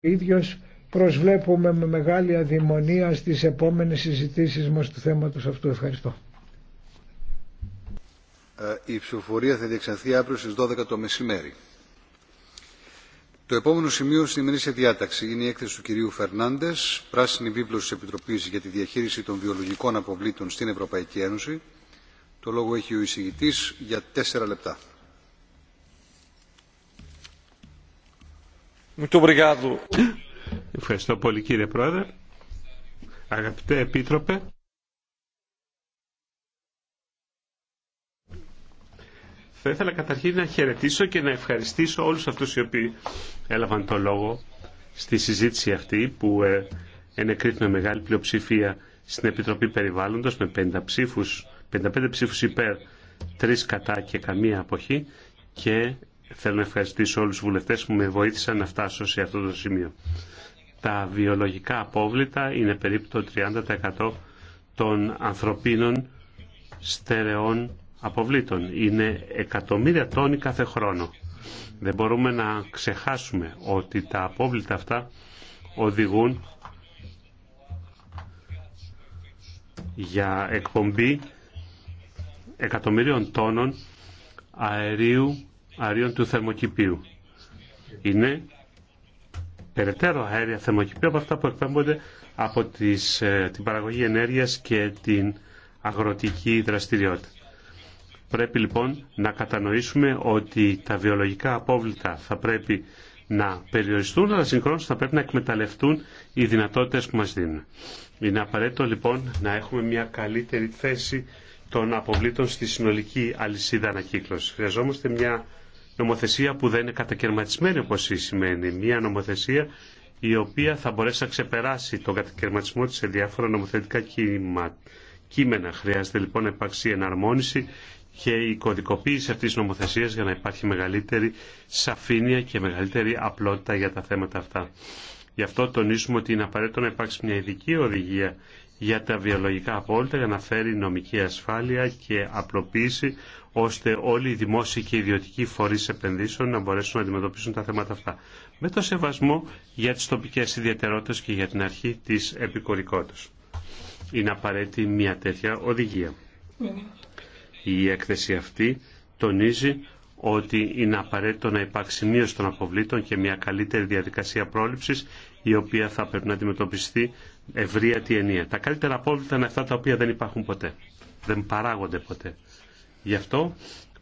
ίδιος προσβλέπουμε με μεγάλη αδημονία στις επόμενες συζητήσεις μας του θέματος αυτού. Ευχαριστώ. Ε, η ψηφοφορία θα διεξανθεί αύριο στις 12 το μεσημέρι. Το επόμενο σημείο στην σε διάταξη είναι η έκθεση του κυρίου Φερνάντε, πράσινη βίβλο τη Επιτροπή για τη διαχείριση των βιολογικών αποβλήτων στην Ευρωπαϊκή Ένωση. Το λόγο έχει ο εισηγητή για τέσσερα λεπτά. Ευχαριστώ πολύ κύριε Πρόεδρε. Αγαπητέ Επίτροπε. Θα ήθελα καταρχήν να χαιρετήσω και να ευχαριστήσω όλους αυτούς οι οποίοι έλαβαν το λόγο στη συζήτηση αυτή που ε, ενεκρίθη με μεγάλη πλειοψηφία στην Επιτροπή Περιβάλλοντος με 50 ψήφους, 55 ψήφους υπέρ, 3 κατά και καμία αποχή και Θέλω να ευχαριστήσω όλους τους βουλευτές που με βοήθησαν να φτάσω σε αυτό το σημείο. Τα βιολογικά απόβλητα είναι περίπου το 30% των ανθρωπίνων στερεών αποβλήτων. Είναι εκατομμύρια τόνοι κάθε χρόνο. Δεν μπορούμε να ξεχάσουμε ότι τα απόβλητα αυτά οδηγούν για εκπομπή εκατομμύριων τόνων αερίου αερίων του θερμοκηπίου. Είναι περαιτέρω αέρια θερμοκηπίου από αυτά που εκπέμπονται από τις, ε, την παραγωγή ενέργειας και την αγροτική δραστηριότητα. Πρέπει λοιπόν να κατανοήσουμε ότι τα βιολογικά απόβλητα θα πρέπει να περιοριστούν, αλλά συγχρόνως θα πρέπει να εκμεταλλευτούν οι δυνατότητες που μας δίνουν. Είναι απαραίτητο λοιπόν να έχουμε μια καλύτερη θέση των αποβλήτων στη συνολική αλυσίδα ανακύκλωση. Χρειαζόμαστε μια νομοθεσία που δεν είναι κατακαιρματισμένη όπως η σημαίνει. Μια νομοθεσία η οποία θα μπορέσει να ξεπεράσει τον κατακαιρματισμό της σε διάφορα νομοθετικά κείμενα. Χρειάζεται λοιπόν να υπάρξει εναρμόνιση και η κωδικοποίηση αυτής της νομοθεσίας για να υπάρχει μεγαλύτερη σαφήνεια και μεγαλύτερη απλότητα για τα θέματα αυτά. Γι' αυτό τονίσουμε ότι είναι απαραίτητο να υπάρξει μια ειδική οδηγία για τα βιολογικά απόλυτα για να φέρει νομική ασφάλεια και απλοποίηση ώστε όλοι οι δημόσιοι και ιδιωτικοί φορείς επενδύσεων να μπορέσουν να αντιμετωπίσουν τα θέματα αυτά. Με το σεβασμό για τις τοπικές ιδιαιτερότητες και για την αρχή της επικορικότητας. Είναι απαραίτητη μια τέτοια οδηγία. Η έκθεση αυτή τονίζει ότι είναι απαραίτητο να υπάρξει μείωση των αποβλήτων και μια καλύτερη διαδικασία πρόληψης η οποία θα πρέπει να αντιμετωπιστεί ευρεία τη ενία. Τα καλύτερα απόβλητα είναι αυτά τα οποία δεν υπάρχουν ποτέ. Δεν παράγονται ποτέ. Γι' αυτό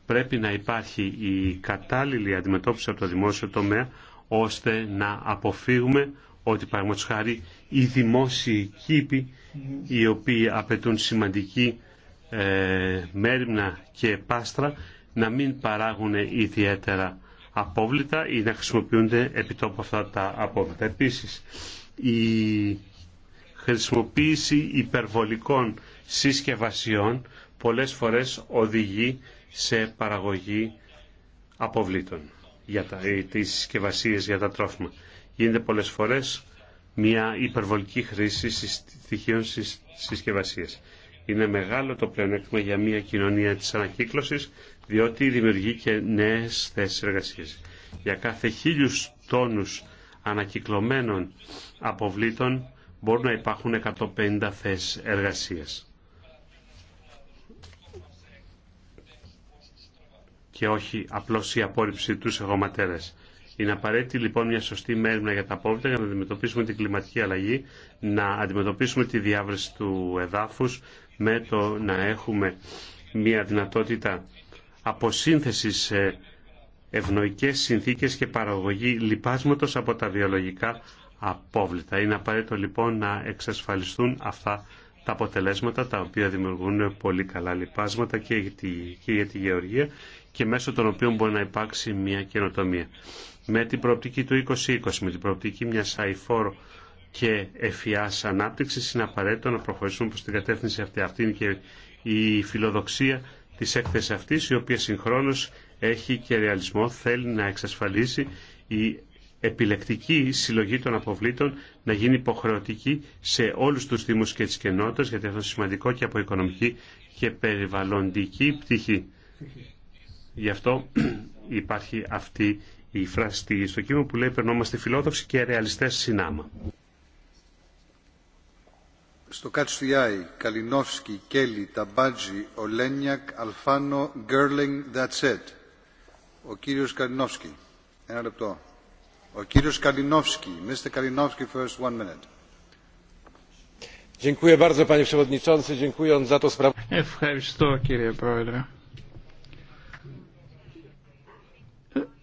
πρέπει να υπάρχει η κατάλληλη αντιμετώπιση από το δημόσιο τομέα ώστε να αποφύγουμε ότι παραγματικά χάρη οι δημόσιοι κήποι οι οποίοι απαιτούν σημαντική ε, μέρημνα και πάστρα να μην παράγουν ιδιαίτερα απόβλητα ή να χρησιμοποιούνται επιτόπου αυτά τα απόβλητα. Επίσης, η χρησιμοποίηση υπερβολικών συσκευασιών πολλές φορές οδηγεί σε παραγωγή αποβλήτων για τα, τις συσκευασίε για τα τρόφιμα. Γίνεται πολλές φορές μια υπερβολική χρήση στοιχείων στις συσκευασίες. Είναι μεγάλο το πλεονέκτημα για μια κοινωνία της ανακύκλωσης, διότι δημιουργεί και νέες θέσεις εργασίας. Για κάθε χίλιους τόνους ανακυκλωμένων αποβλήτων μπορούν να υπάρχουν 150 θέσεις εργασίας. και όχι απλώς η απόρριψη τους εγωματέρες. Είναι απαραίτητη λοιπόν μια σωστή μέρημνα για τα απόβλητα για να αντιμετωπίσουμε την κλιματική αλλαγή, να αντιμετωπίσουμε τη διάβρεση του εδάφους με το να έχουμε μια δυνατότητα αποσύνθεσης σε ευνοϊκές συνθήκες και παραγωγή λιπάσματος από τα βιολογικά απόβλητα. Είναι απαραίτητο λοιπόν να εξασφαλιστούν αυτά τα αποτελέσματα τα οποία δημιουργούν πολύ καλά λοιπάσματα και για τη, και για τη γεωργία και μέσω των οποίων μπορεί να υπάρξει μια καινοτομία. Με την προοπτική του 2020, με την προοπτική μια αηφόρου και εφιά ανάπτυξη, είναι απαραίτητο να προχωρήσουμε προ την κατεύθυνση αυτή. Αυτή είναι και η φιλοδοξία τη έκθεση αυτή, η οποία συγχρόνω έχει και ρεαλισμό, θέλει να εξασφαλίσει η επιλεκτική συλλογή των αποβλήτων να γίνει υποχρεωτική σε όλους τους Δήμους και τις κενότητες, γιατί αυτό είναι σημαντικό και από οικονομική και περιβαλλοντική πτυχή. Γι' αυτό υπάρχει αυτή η φράση στο κείμενο που λέει περνόμαστε φιλόδοξοι και ρεαλιστές συνάμα. Στο Κατσουτιάι, Καλινόφσκι, Κέλλη, Ταμπάτζη, Ολένιακ, Αλφάνο, Γκέρλινγκ, it. Ο κύριος Καλινόφσκι. Ένα λεπτό. Ο κύριος Καλινόφσκι. Mr. Καλινόφσκι, first one minute. Ευχαριστώ κύριε Πρόεδρε.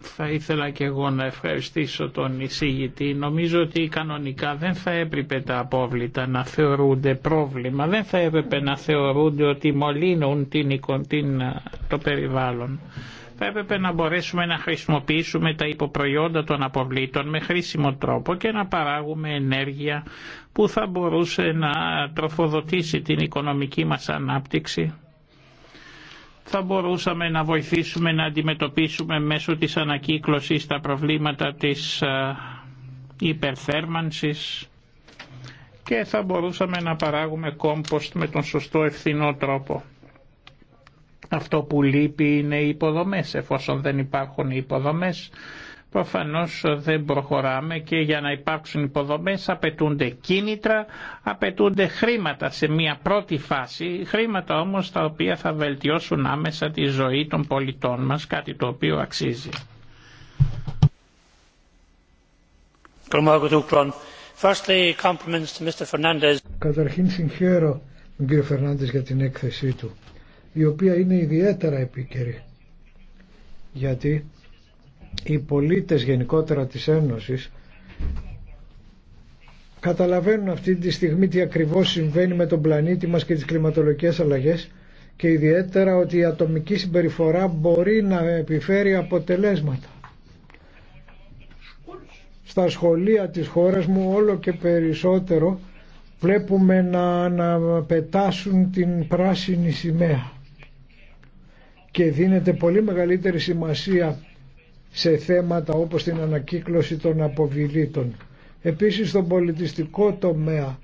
Θα ήθελα και εγώ να ευχαριστήσω τον εισήγητη. Νομίζω ότι κανονικά δεν θα έπρεπε τα απόβλητα να θεωρούνται πρόβλημα, δεν θα έπρεπε να θεωρούνται ότι μολύνουν την, την, το περιβάλλον. Θα έπρεπε να μπορέσουμε να χρησιμοποιήσουμε τα υποπροϊόντα των αποβλήτων με χρήσιμο τρόπο και να παράγουμε ενέργεια που θα μπορούσε να τροφοδοτήσει την οικονομική μας ανάπτυξη θα μπορούσαμε να βοηθήσουμε να αντιμετωπίσουμε μέσω της ανακύκλωσης τα προβλήματα της ε, υπερθέρμανσης και θα μπορούσαμε να παράγουμε κόμποστ με τον σωστό ευθυνό τρόπο. Αυτό που λείπει είναι οι υποδομές, εφόσον δεν υπάρχουν οι υποδομές Προφανώς δεν προχωράμε και για να υπάρξουν υποδομές απαιτούνται κίνητρα, απαιτούνται χρήματα σε μια πρώτη φάση, χρήματα όμως τα οποία θα βελτιώσουν άμεσα τη ζωή των πολιτών μας, κάτι το οποίο αξίζει. Καταρχήν συγχαίρω τον κύριο Φερνάντες για την έκθεσή του, η οποία είναι ιδιαίτερα επίκαιρη. Γιατί οι πολίτες γενικότερα της Ένωσης καταλαβαίνουν αυτή τη στιγμή τι ακριβώς συμβαίνει με τον πλανήτη μας και τις κλιματολογικές αλλαγές και ιδιαίτερα ότι η ατομική συμπεριφορά μπορεί να επιφέρει αποτελέσματα. Στα σχολεία της χώρας μου όλο και περισσότερο βλέπουμε να, να πετάσουν την πράσινη σημαία και δίνεται πολύ μεγαλύτερη σημασία σε θέματα όπως την ανακύκλωση των αποβιλήτων. Επίσης στον πολιτιστικό τομέα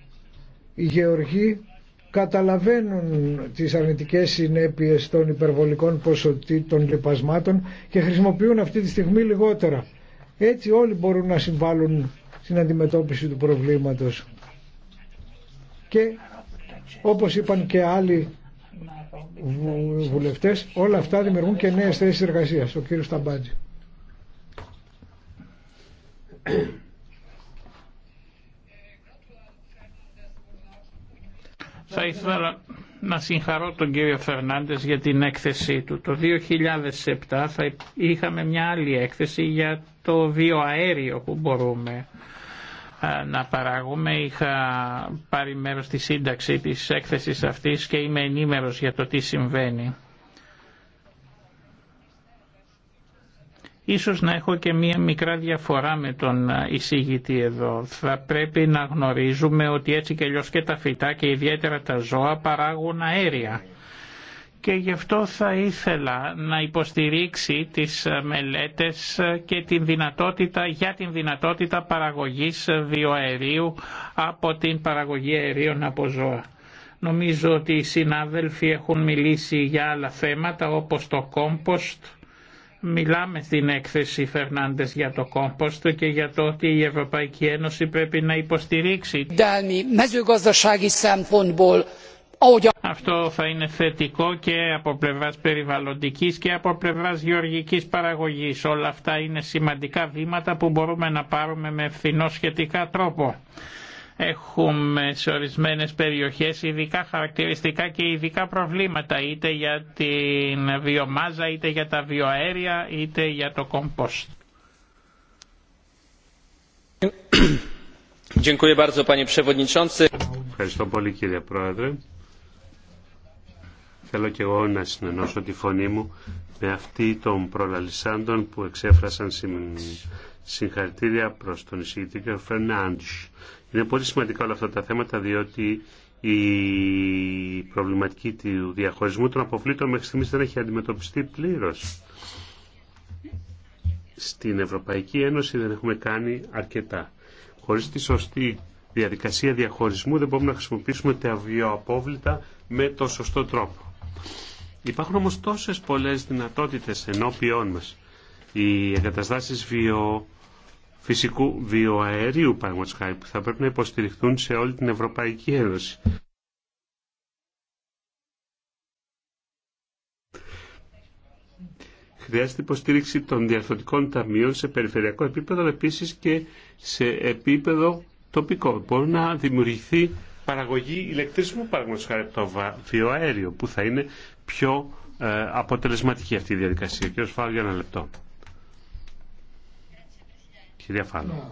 οι γεωργοί καταλαβαίνουν τις αρνητικές συνέπειες των υπερβολικών ποσοτήτων λοιπασμάτων και χρησιμοποιούν αυτή τη στιγμή λιγότερα. Έτσι όλοι μπορούν να συμβάλλουν στην αντιμετώπιση του προβλήματος. Και όπως είπαν και άλλοι βουλευτές, όλα αυτά δημιουργούν και νέες θέσεις εργασίας. Ο κύριος Ταμπάντζη. Θα ήθελα να συγχαρώ τον κύριο Φερνάντες για την έκθεσή του. Το 2007 θα είχαμε μια άλλη έκθεση για το βιοαέριο που μπορούμε ε, να παράγουμε. Είχα πάρει μέρος στη σύνταξη της έκθεσης αυτής και είμαι ενήμερος για το τι συμβαίνει. Ίσως να έχω και μία μικρά διαφορά με τον εισηγητή εδώ. Θα πρέπει να γνωρίζουμε ότι έτσι και αλλιώς και τα φυτά και ιδιαίτερα τα ζώα παράγουν αέρια. Και γι' αυτό θα ήθελα να υποστηρίξει τις μελέτες και την δυνατότητα, για την δυνατότητα παραγωγής βιοαερίου από την παραγωγή αερίων από ζώα. Νομίζω ότι οι συνάδελφοι έχουν μιλήσει για άλλα θέματα όπως το κόμποστ, Μιλάμε στην έκθεση Φερνάντες για το του και για το ότι η Ευρωπαϊκή Ένωση πρέπει να υποστηρίξει. Αυτό θα είναι θετικό και από πλευράς περιβαλλοντικής και από πλευράς γεωργικής παραγωγής. Όλα αυτά είναι σημαντικά βήματα που μπορούμε να πάρουμε με ευθυνό σχετικά τρόπο. Έχουμε σε ορισμένες περιοχές ειδικά χαρακτηριστικά και ειδικά προβλήματα είτε για την βιομάζα, είτε για τα βιοαέρια, είτε για το κομπόστ. Ευχαριστώ πολύ κύριε Πρόεδρε. Θέλω και εγώ να συνενώσω τη φωνή μου με αυτή των προλαλισσάντων που εξέφρασαν συγχαρητήρια προς τον εισηγητή κ. Φερνάντζ. Είναι πολύ σημαντικά όλα αυτά τα θέματα διότι η προβληματική του διαχωρισμού των αποβλήτων μέχρι στιγμής δεν έχει αντιμετωπιστεί πλήρως. Στην Ευρωπαϊκή Ένωση δεν έχουμε κάνει αρκετά. Χωρίς τη σωστή διαδικασία διαχωρισμού δεν μπορούμε να χρησιμοποιήσουμε τα βιοαπόβλητα με το σωστό τρόπο. Υπάρχουν όμως τόσες πολλές δυνατότητες ενώπιόν μας. Οι εγκαταστάσεις βιο... φυσικού βιοαερίου χάρη, που θα πρέπει να υποστηριχθούν σε όλη την Ευρωπαϊκή Ένωση. Χρειάζεται υποστήριξη των διαρθωτικών ταμείων σε περιφερειακό επίπεδο, επίσης και σε επίπεδο τοπικό. Μπορεί να δημιουργηθεί παραγωγή ηλεκτρισμού παραγωγή χάρη από το βιοαέριο που θα είναι πιο ε, αποτελεσματική αυτή η διαδικασία. Κύριε Φάλλο για ένα λεπτό. Κυρία Φάλλο.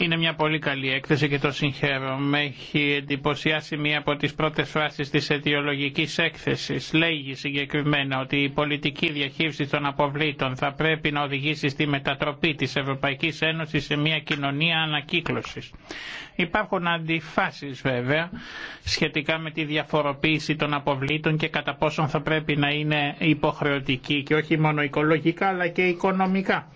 Είναι μια πολύ καλή έκθεση και το συγχαίρω. Με έχει εντυπωσιάσει μία από τις πρώτες φράσεις της αιτιολογικής έκθεσης. Λέγει συγκεκριμένα ότι η πολιτική διαχείριση των αποβλήτων θα πρέπει να οδηγήσει στη μετατροπή της Ευρωπαϊκής Ένωσης σε μια κοινωνία ανακύκλωσης. Υπάρχουν αντιφάσεις βέβαια σχετικά με τη διαφοροποίηση των αποβλήτων και κατά πόσον θα πρέπει να είναι υποχρεωτική και όχι μόνο οικολογικά αλλά και οικονομικά.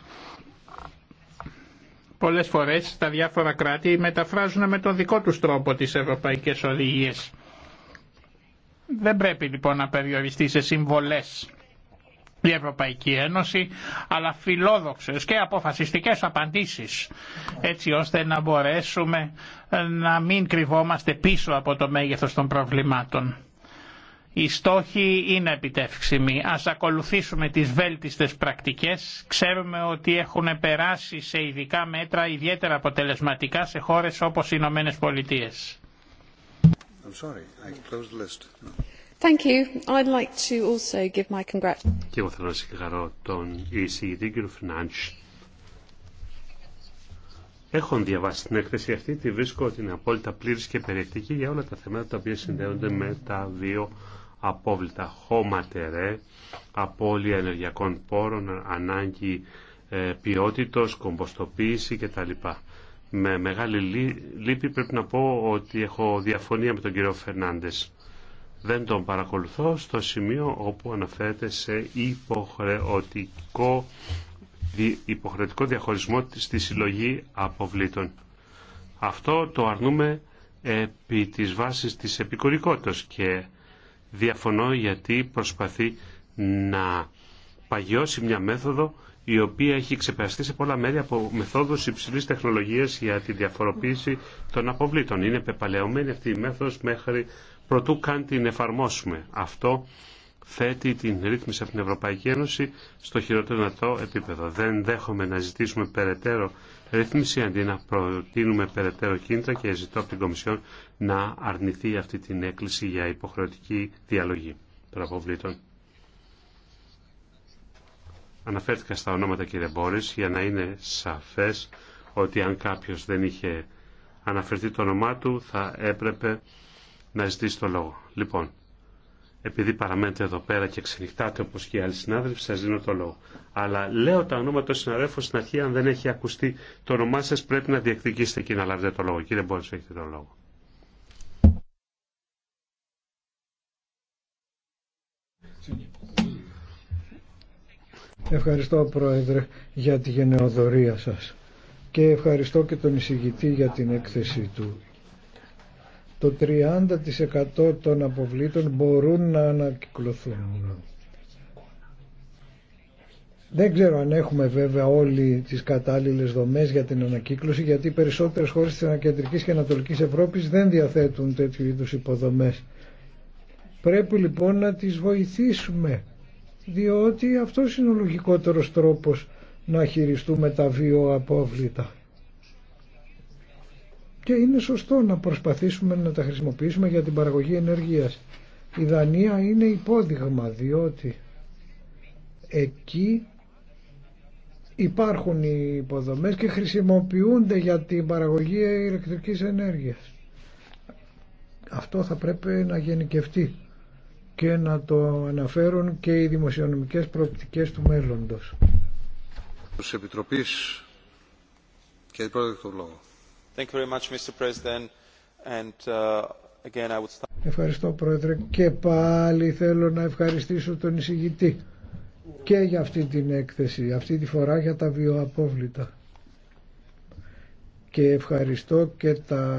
Πολλές φορές τα διάφορα κράτη μεταφράζουν με τον δικό τους τρόπο τις ευρωπαϊκές οδηγίες. Δεν πρέπει λοιπόν να περιοριστεί σε συμβολές η Ευρωπαϊκή Ένωση, αλλά φιλόδοξες και αποφασιστικές απαντήσεις, έτσι ώστε να μπορέσουμε να μην κρυβόμαστε πίσω από το μέγεθος των προβλημάτων. Οι στόχοι είναι επιτεύξιμοι. Ας ακολουθήσουμε τις βέλτιστες πρακτικές. Ξέρουμε ότι έχουν περάσει σε ειδικά μέτρα ιδιαίτερα αποτελεσματικά σε χώρες όπως οι Ηνωμένε Πολιτείε. Και εγώ θέλω να συγχαρώ τον εισηγητή κύριο Έχουν διαβάσει την έκθεση αυτή, τη βρίσκω ότι είναι απόλυτα πλήρης και περιεκτική για όλα τα θέματα τα οποία συνδέονται με τα δύο απόβλητα, χώματερε, απώλεια ενεργειακών πόρων, ανάγκη ε, ποιότητος, κομποστοποίηση κτλ. Με μεγάλη λύπη πρέπει να πω ότι έχω διαφωνία με τον κύριο Φερνάντες. Δεν τον παρακολουθώ στο σημείο όπου αναφέρεται σε υποχρεωτικό, υποχρεωτικό διαχωρισμό στη συλλογή αποβλήτων. Αυτό το αρνούμε επί της βάσης της επικουρικότητας και Διαφωνώ γιατί προσπαθεί να παγιώσει μια μέθοδο η οποία έχει ξεπεραστεί σε πολλά μέρη από μεθόδου υψηλή τεχνολογία για τη διαφοροποίηση των αποβλήτων. Είναι πεπαλαιωμένη αυτή η μέθοδο μέχρι πρωτού καν την εφαρμόσουμε. Αυτό θέτει την ρύθμιση από την Ευρωπαϊκή Ένωση στο χειρότερο δυνατό επίπεδο. Δεν δέχομαι να ζητήσουμε περαιτέρω ρύθμιση αντί να προτείνουμε περαιτέρω κίνητρα και ζητώ από την Κομισιόν να αρνηθεί αυτή την έκκληση για υποχρεωτική διαλογή των αποβλήτων. Αναφέρθηκα στα ονόματα κύριε Μπόρις για να είναι σαφές ότι αν κάποιος δεν είχε αναφερθεί το όνομά του θα έπρεπε να ζητήσει το λόγο. Λοιπόν, επειδή παραμένετε εδώ πέρα και ξενυχτάτε όπως και οι άλλοι συνάδελφοι, σα δίνω το λόγο. Αλλά λέω τα ονόματα των συναδέλφων στην αρχή, αν δεν έχει ακουστεί το όνομά σα πρέπει να διεκδικήσετε και να λάβετε το λόγο. Κύριε Μπόρι, έχετε το λόγο. Ευχαριστώ Πρόεδρε για τη γενναιοδορία σας και ευχαριστώ και τον εισηγητή για την έκθεση του το 30% των αποβλήτων μπορούν να ανακυκλωθούν. Δεν ξέρω αν έχουμε βέβαια όλοι τις κατάλληλες δομές για την ανακύκλωση γιατί οι περισσότερες χώρες της Ανακεντρικής και Ανατολικής Ευρώπης δεν διαθέτουν τέτοιου είδους υποδομές. Πρέπει λοιπόν να τις βοηθήσουμε διότι αυτό είναι ο λογικότερος τρόπος να χειριστούμε τα βιοαπόβλητα και είναι σωστό να προσπαθήσουμε να τα χρησιμοποιήσουμε για την παραγωγή ενέργειας. Η Δανία είναι υπόδειγμα διότι εκεί υπάρχουν οι υποδομές και χρησιμοποιούνται για την παραγωγή ηλεκτρικής ενέργειας. Αυτό θα πρέπει να γενικευτεί και να το αναφέρουν και οι δημοσιονομικές προοπτικές του μέλλοντος. Επιτροπής και του Uh, ευχαριστώ Πρόεδρε και πάλι θέλω να ευχαριστήσω τον εισηγητή και για αυτή την έκθεση, αυτή τη φορά για τα βιοαπόβλητα. Και ευχαριστώ και τα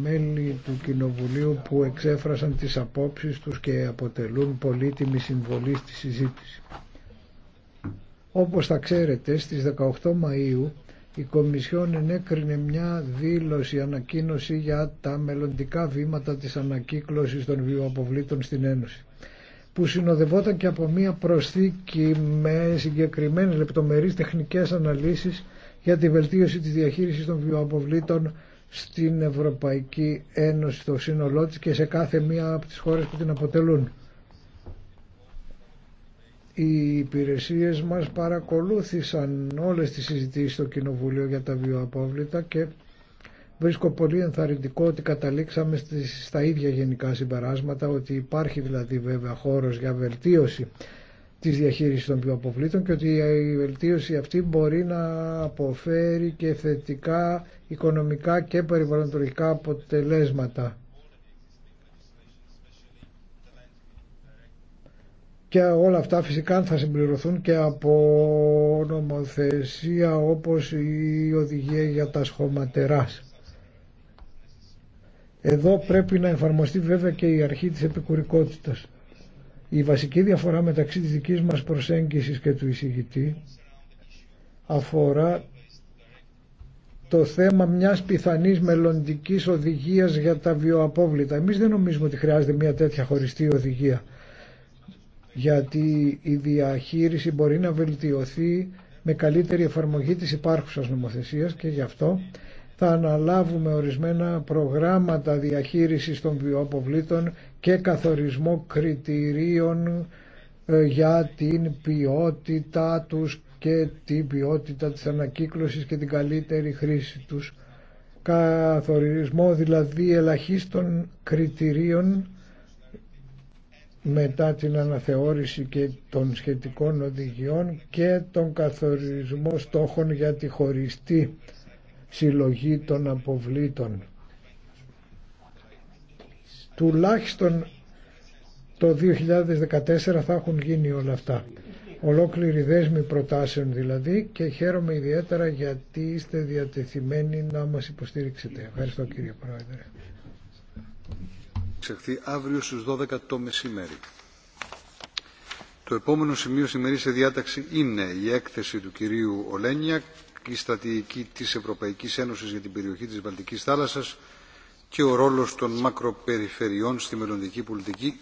μέλη του Κοινοβουλίου που εξέφρασαν τις απόψεις τους και αποτελούν πολύτιμη συμβολή στη συζήτηση. Όπως θα ξέρετε, στις 18 Μαΐου η Κομισιόν ενέκρινε μια δήλωση, ανακοίνωση για τα μελλοντικά βήματα της ανακύκλωσης των βιοαποβλήτων στην Ένωση που συνοδευόταν και από μια προσθήκη με συγκεκριμένες λεπτομερείς τεχνικές αναλύσεις για τη βελτίωση της διαχείρισης των βιοαποβλήτων στην Ευρωπαϊκή Ένωση, στο σύνολό της και σε κάθε μία από τις χώρες που την αποτελούν οι υπηρεσίες μας παρακολούθησαν όλες τις συζητήσεις στο Κοινοβούλιο για τα βιοαπόβλητα και βρίσκω πολύ ενθαρρυντικό ότι καταλήξαμε στα ίδια γενικά συμπεράσματα ότι υπάρχει δηλαδή βέβαια χώρος για βελτίωση της διαχείρισης των βιοαποβλήτων και ότι η βελτίωση αυτή μπορεί να αποφέρει και θετικά οικονομικά και περιβαλλοντολογικά αποτελέσματα. και όλα αυτά φυσικά θα συμπληρωθούν και από νομοθεσία όπως η οδηγία για τα σχωματεράς. Εδώ πρέπει να εφαρμοστεί βέβαια και η αρχή της επικουρικότητας. Η βασική διαφορά μεταξύ της δικής μας προσέγγισης και του εισηγητή αφορά το θέμα μιας πιθανής μελλοντικής οδηγίας για τα βιοαπόβλητα. Εμείς δεν νομίζουμε ότι χρειάζεται μια τέτοια χωριστή οδηγία γιατί η διαχείριση μπορεί να βελτιωθεί με καλύτερη εφαρμογή της υπάρχουσας νομοθεσίας και γι' αυτό θα αναλάβουμε ορισμένα προγράμματα διαχείρισης των βιοαποβλήτων και καθορισμό κριτηρίων ε, για την ποιότητά τους και την ποιότητα της ανακύκλωσης και την καλύτερη χρήση τους. Καθορισμό δηλαδή ελαχίστων κριτηρίων μετά την αναθεώρηση και των σχετικών οδηγιών και τον καθορισμό στόχων για τη χωριστή συλλογή των αποβλήτων. Τουλάχιστον το 2014 θα έχουν γίνει όλα αυτά. Ολόκληρη δέσμη προτάσεων δηλαδή και χαίρομαι ιδιαίτερα γιατί είστε διατεθειμένοι να μας υποστηρίξετε. Ευχαριστώ κύριε Πρόεδρε εξαχθεί αύριο στις 12 το μεσημέρι. Το επόμενο σημείο σημερινή σε διάταξη είναι η έκθεση του κυρίου Ολένια η στρατηγική της Ευρωπαϊκής Ένωσης για την περιοχή της Βαλτικής θάλασσας και ο ρόλος των μακροπεριφερειών στη μελλοντική πολιτική